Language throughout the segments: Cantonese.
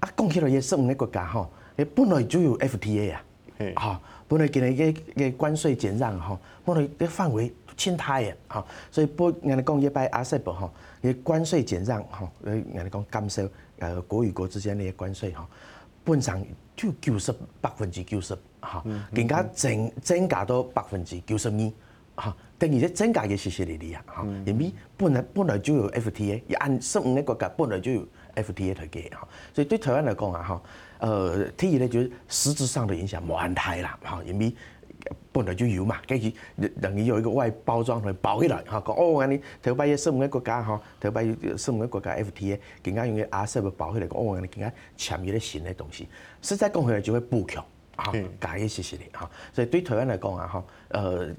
啊，講起來也是十五個國家吼，伊本來就有 FTA 啊是，哈，本來今日嘅嘅關稅減讓吼，本來嘅範圍都挺大嘅，哈，所以不，伢伲講一百 RCEP 哈，伊關稅減讓吼，哈，伢伲講減少呃國與國之間嘅關稅哈，本上就九十百分之九十哈，嗯嗯、更加增加增加到百分之九十二哈，等於說增加嘅是實在在啊，哈，因為本來、嗯、本來就有 FTA，一按十五個國家本來就有。F.T.A. 嘅，F 特所以對台灣來講，啊、呃，哈，誒，第二咧就是實質上的影響冇咁大啦，嚇，因為本來就有嘛，跟住等於有一個外包裝嚟包起來，嚇，講哦，我哋台北一啲什麼國家，嚇，台北一啲什麼國家 F.T.A.，更加用啲亞式嚟包起來。講哦，我哋更加潛入啲新嘅東西，實在講起來就會補強，嚇是，加一些些嘅，嚇，所以對台灣來講，啊，哈，誒，誒，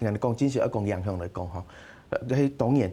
人哋講，真係要講影響嚟講，嚇，你當然。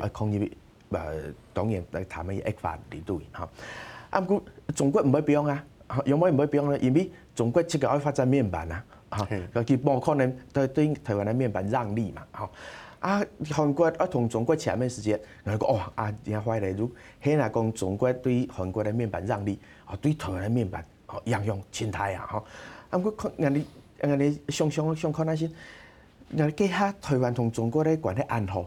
啊，工業啊當然誒個咩液化都對，啊，毋過，中國毋可以變啊，永遠毋可以變啊咧？因為中國即個要發展面板啊， 啊，佢無可能對對台灣嘅面板讓利嘛，吼，啊韓國啊，同中國前面時間啊，佢講哇，啊而家快嚟如顯係講，中國對韓國嘅面板讓利，啊對台灣嘅面板哦洋洋錢大啊，啊，毋過，看啊，人哋啊，人哋想想想看下先，啊，人哋幾嚇台灣同中國咧關係安好？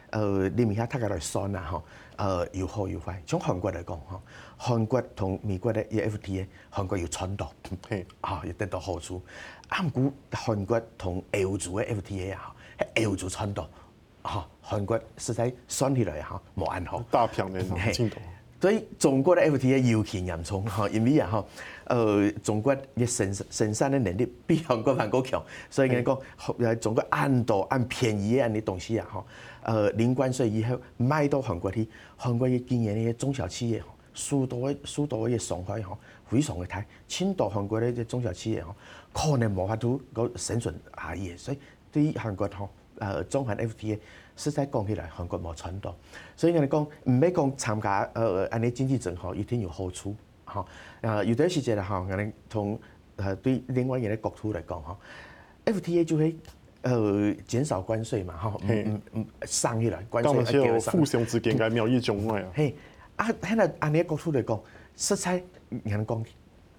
呃，你咪睇下，趨勢來算啊！嗬，呃，有好有壞。從韓國來講，講，韓國同美國咧 FTA，韓國要賺嘿，嚇要是、哦、得到好處。啱好韓國同歐洲的 FTA、嗯、啊，喺歐洲賺到，嚇韓國實在算起也嚇冇安好。大漂亮，嗯所以中國的 FTA 尤其嚴重嚇，因為啊嗬，誒中國嘅成成生產的能力比韓國還過強，所以我講誒中國按多按便宜的東西啊嚇，誒零關稅以後，賣到韓國去，韓國經今年啲中小企業嗬，數多數多嘢損害嗬，非常的大，青島韓國的啲中小企業嗬，可能無法度個生存下嘢，所以對韓國嗬誒中韓 FTA。實在講起來韓國冇傳統，所以我哋講唔俾講參加安尼、呃、經濟整合一定有好處。嚇、哦。啊、呃，有啲時節咧，嚇、呃，我哋同誒對另外一個國土嚟講嚇、哦、，FTA 就係呃減少關稅嘛，嚇、哦對嗯，嗯嗯、那個啊、嗯，升起來，關稅一互相之間嘅貿易中立啊。係，啊，安尼啲國土嚟講，實在難講。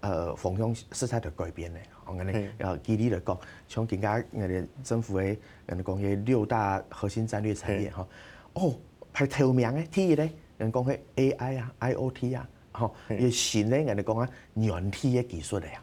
呃，方向色彩的改變咧，我哋要基理嚟講，像而家我哋政府嘅，人講嘅六大核心戰略產業嗬，是 哦，佢頭名的 t 咧，人講係 AI 啊，IOT 啊，吼，要新咧，人哋講啊，軟體嘅技術嚟啊。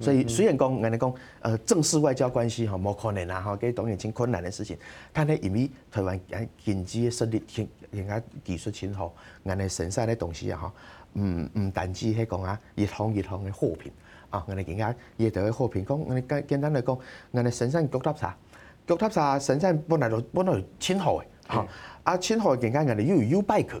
所以雖然講，我哋講，誒正式外交關係嚇冇可能啦，嚇，幾當然幾困難的事情。但係因為台灣近期嘅實力，佢人家技術強豪，我哋生產啲東西啊，嚇，唔唔單止係講啊熱烘熱烘嘅貨品，啊，我哋人家亦都啲貨品，講我哋簡單嚟講，我哋生產腳踏車，腳踏車生產本來就本來就強豪嘅，嚇、嗯啊，啊強豪嘅人家我哋要要有 U-Bike,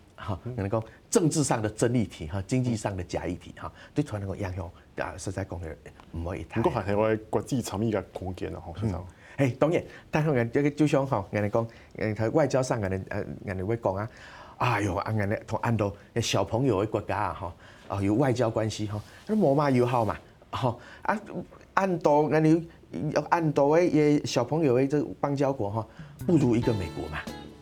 好人哋講政治上的真議題哈，經濟上的假議題哈，對台灣那個影響啊實在講嘅唔會太大。不過還是我國際層面的空間。咯，吼。嗯。誒，當然，但係人一個就像哈，人哋講，人外交上人哋誒，人哋會講啊，哎呦，啊人哋同印度誒小朋友嘅國家啊，哈，啊有外交關係哈，都冇嘛友好嘛，哈，啊，印度人哋，啊，印度誒小朋友誒這邦交國哈，不如一個美國嘛。